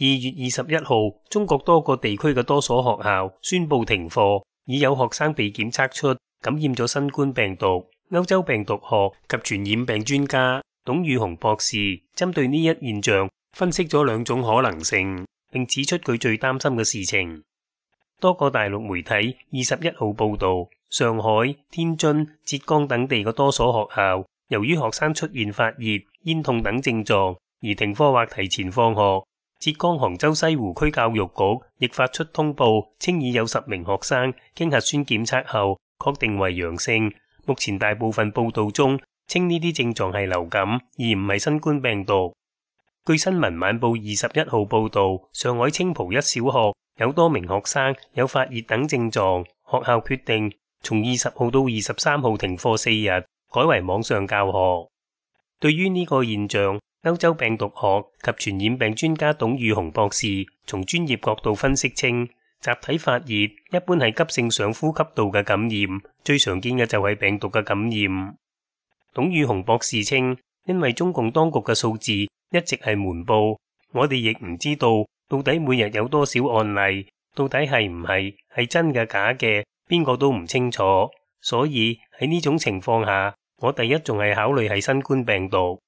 二月二十一號，中國多個地區嘅多所學校宣布停課，已有學生被檢測出感染咗新冠病毒。歐洲病毒學及傳染病專家董宇紅博士針對呢一現象分析咗兩種可能性，並指出佢最擔心嘅事情。多個大陸媒體二十一號報道，上海、天津、浙江等地嘅多所學校由於學生出現發熱、咽痛等症狀而停課或提前放學。浙江杭州西湖區教育局亦發出通報，稱已有十名學生經核酸檢測後確定為陽性。目前大部分報道中稱呢啲症狀係流感，而唔係新冠病毒。據《新聞晚報》二十一號報道，上海青浦一小學有多名學生有發熱等症狀，學校決定從二十號到二十三號停課四日，改為網上教學。對於呢個現象，歐洲病毒學及傳染病專家董宇紅博士從專業角度分析稱，集體發熱一般係急性上呼吸道嘅感染，最常見嘅就係病毒嘅感染。董宇紅博士稱，因為中共當局嘅數字一直係瞞報，我哋亦唔知道到底每日有多少案例，到底係唔係係真嘅假嘅，邊個都唔清楚。所以喺呢種情況下，我第一仲係考慮係新冠病毒。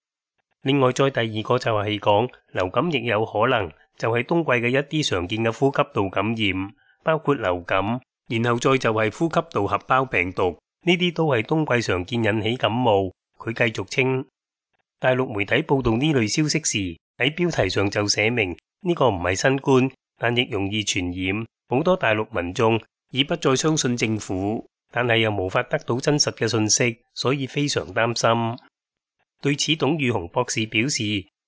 另外，再第二個就係講流感亦有可能，就係冬季嘅一啲常見嘅呼吸道感染，包括流感，然後再就係呼吸道合胞病毒，呢啲都係冬季常見引起感冒。佢繼續稱，大陸媒體報道呢類消息時，喺標題上就寫明呢個唔係新冠，但亦容易傳染。好多大陸民眾已不再相信政府，但係又無法得到真實嘅信息，所以非常擔心。對此，董宇紅博士表示：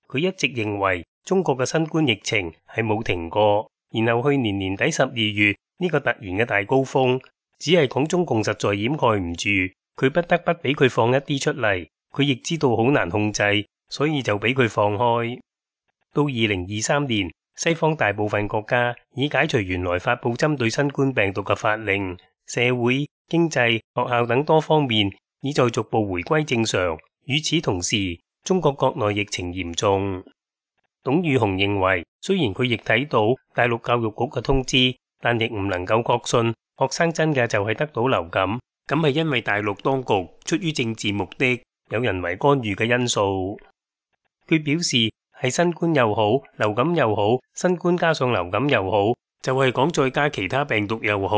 佢一直認為中國嘅新冠疫情係冇停過。然後去年年底十二月呢個突然嘅大高峰，只係講中共實在掩蓋唔住，佢不得不俾佢放一啲出嚟。佢亦知道好難控制，所以就俾佢放開。到二零二三年，西方大部分國家已解除原來發佈針對新冠病毒嘅法令，社會、經濟、學校等多方面已在逐步回歸正常。與此同時，中國國內疫情嚴重。董宇紅認為，雖然佢亦睇到大陸教育局嘅通知，但亦唔能夠確信學生真嘅就係得到流感。咁係因為大陸當局出於政治目的，有人為干預嘅因素。佢表示，係新冠又好，流感又好，新冠加上流感又好，就係講再加其他病毒又好。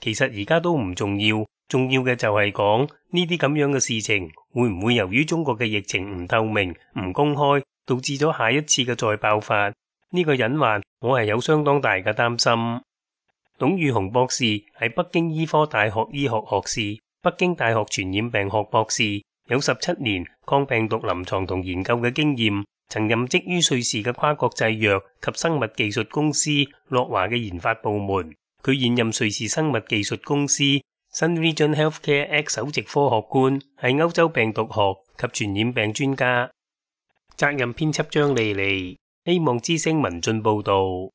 其實而家都唔重要，重要嘅就係講呢啲咁樣嘅事情會唔會由於中國嘅疫情唔透明、唔公開，導致咗下一次嘅再爆發呢個隱患？我係有相當大嘅擔心。董宇紅博士係北京醫科大學醫學學士、北京大學傳染病學博士，有十七年抗病毒臨床同研究嘅經驗，曾任職於瑞士嘅跨國製藥及生物技術公司諾華嘅研發部門。佢現任瑞士生物技術公司新 Region Healthcare X 首席科學官，係歐洲病毒學及傳染病專家。責任編輯張莉莉。希望之聲文進報導。